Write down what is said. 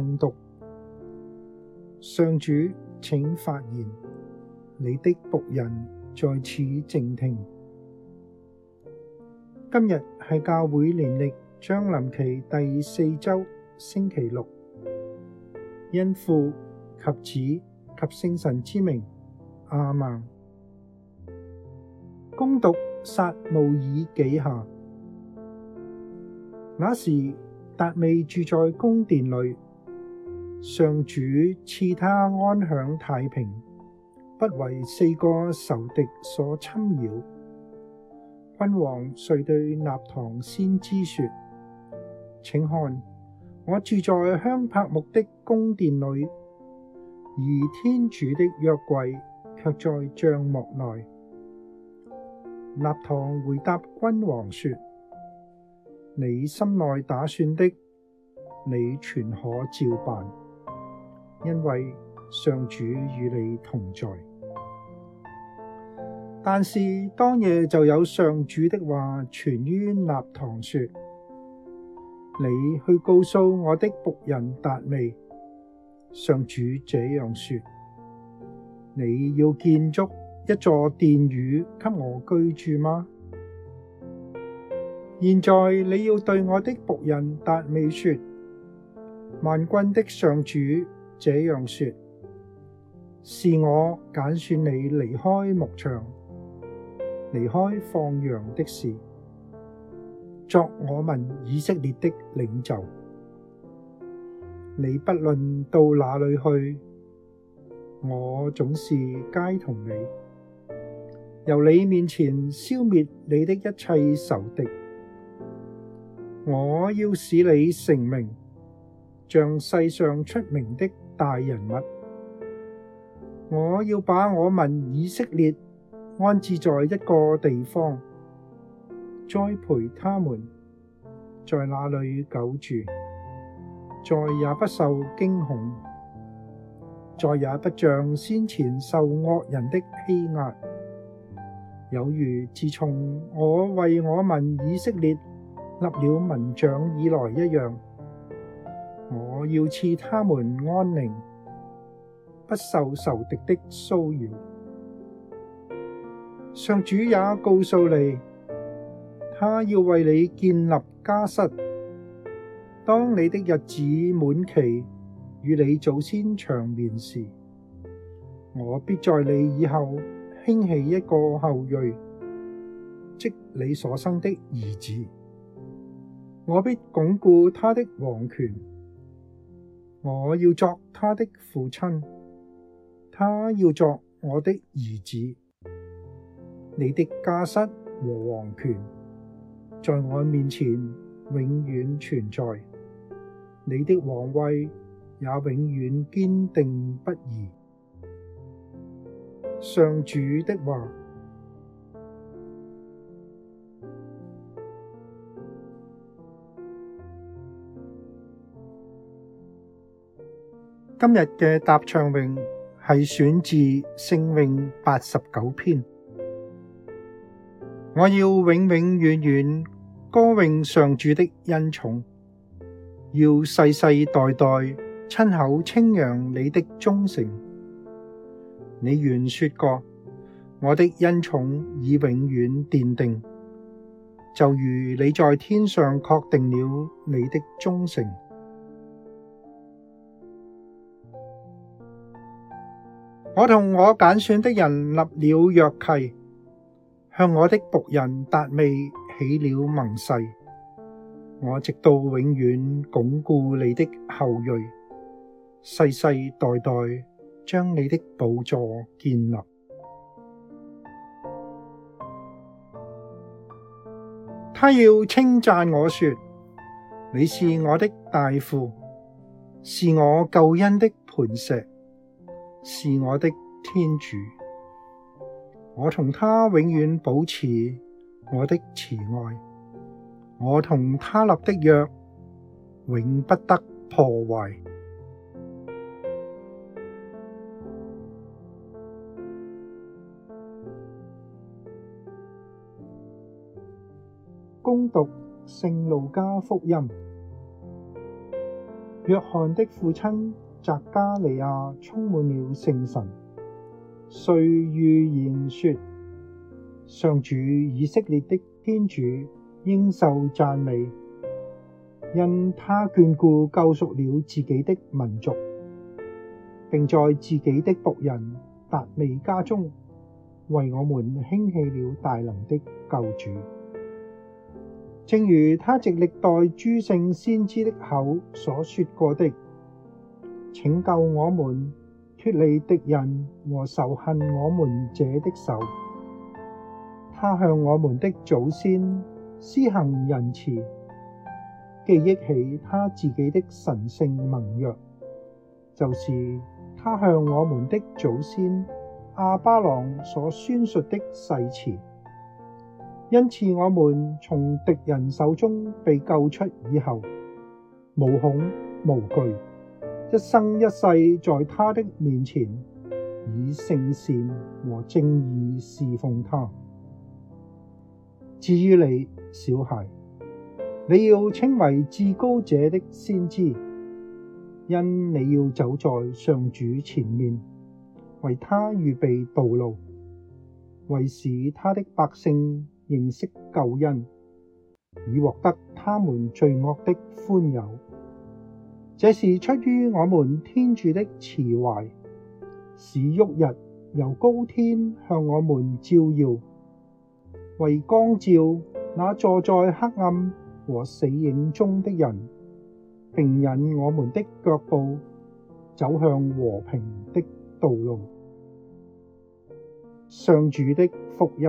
誦讀，上主，請發言，你的僕人在此靜聽。今日係教會年曆將臨期第四周，星期六。因父及子及聖神之名，阿們。恭讀撒慕爾紀下，那時達味住在宮殿裡。上主賜他安享太平，不為四個仇敵所侵擾。君王遂對納堂先知說：請看，我住在香柏木的宮殿裡，而天主的約櫃卻在帳幕內。納堂回答君王說：你心內打算的，你全可照辦。因為上主與你同在，但是當夜就有上主的話傳於納堂，說：你去告訴我的僕人達味，上主這樣說：你要建築一座殿宇給我居住嗎？現在你要對我的僕人達味說：萬軍的上主。這樣說，是我揀選你離開牧場，離開放羊的事，作我民以色列的領袖。你不論到哪裏去，我總是偕同你，由你面前消滅你的一切仇敵。我要使你成名，像世上出名的。大人物，我要把我民以色列安置在一個地方，栽培他們，在那裏久住，再也不受驚恐，再也不像先前受惡人的欺壓，有如自從我為我民以色列立了民長以來一樣。我要賜他們安寧，不受仇敵的騷擾。上主也告訴你，他要為你建立家室。當你的日子滿期，與你祖先長眠時，我必在你以後興起一個後裔，即你所生的兒子。我必鞏固他的王權。我要作他的父親，他要作我的兒子。你的家室和王權在我面前永遠存在，你的王位也永遠堅定不移。上主的話。今日嘅答唱詠係選自聖詠八十九篇。我要永永遠遠歌詠上主的恩寵，要世世代代親口稱揚你的忠誠。你原說過，我的恩寵已永遠奠定，就如你在天上確定了你的忠誠。我同我揀選的人立了約契，向我的僕人達味起了盟誓。我直到永遠鞏固你的後裔，世世代代將你的寶座建立。他要稱讚我說：你是我的大父，是我救恩的磐石。是我的天主，我同他永遠保持我的慈愛，我同他立的約，永不得破壞。恭讀《聖路加福音》，若翰的父親。匝加利亞充滿了聖神，遂預言說：上主以色列的天主應受讚美，因他眷顧救贖了自己的民族，並在自己的僕人達味家中為我們興起了大能的救主，正如他藉歷代諸聖先知的口所說過的。拯救我們脫離敵人和仇恨我們者的手。他向我們的祖先施行仁慈，記憶起他自己的神聖盟約，就是他向我們的祖先阿巴郎所宣述的誓詞。因此，我們從敵人手中被救出以後，無恐無懼。一生一世，在他的面前以聖善和正義侍奉他。至於你，小孩，你要稱為至高者的先知，因你要走在上主前面，為他預備道路，為使他的百姓認識救恩，以獲得他們罪惡的寬宥。這是出於我們天主的慈懷，使旭日由高天向我們照耀，為光照那坐在黑暗和死影中的人，並引我們的腳步走向和平的道路。上主的福音。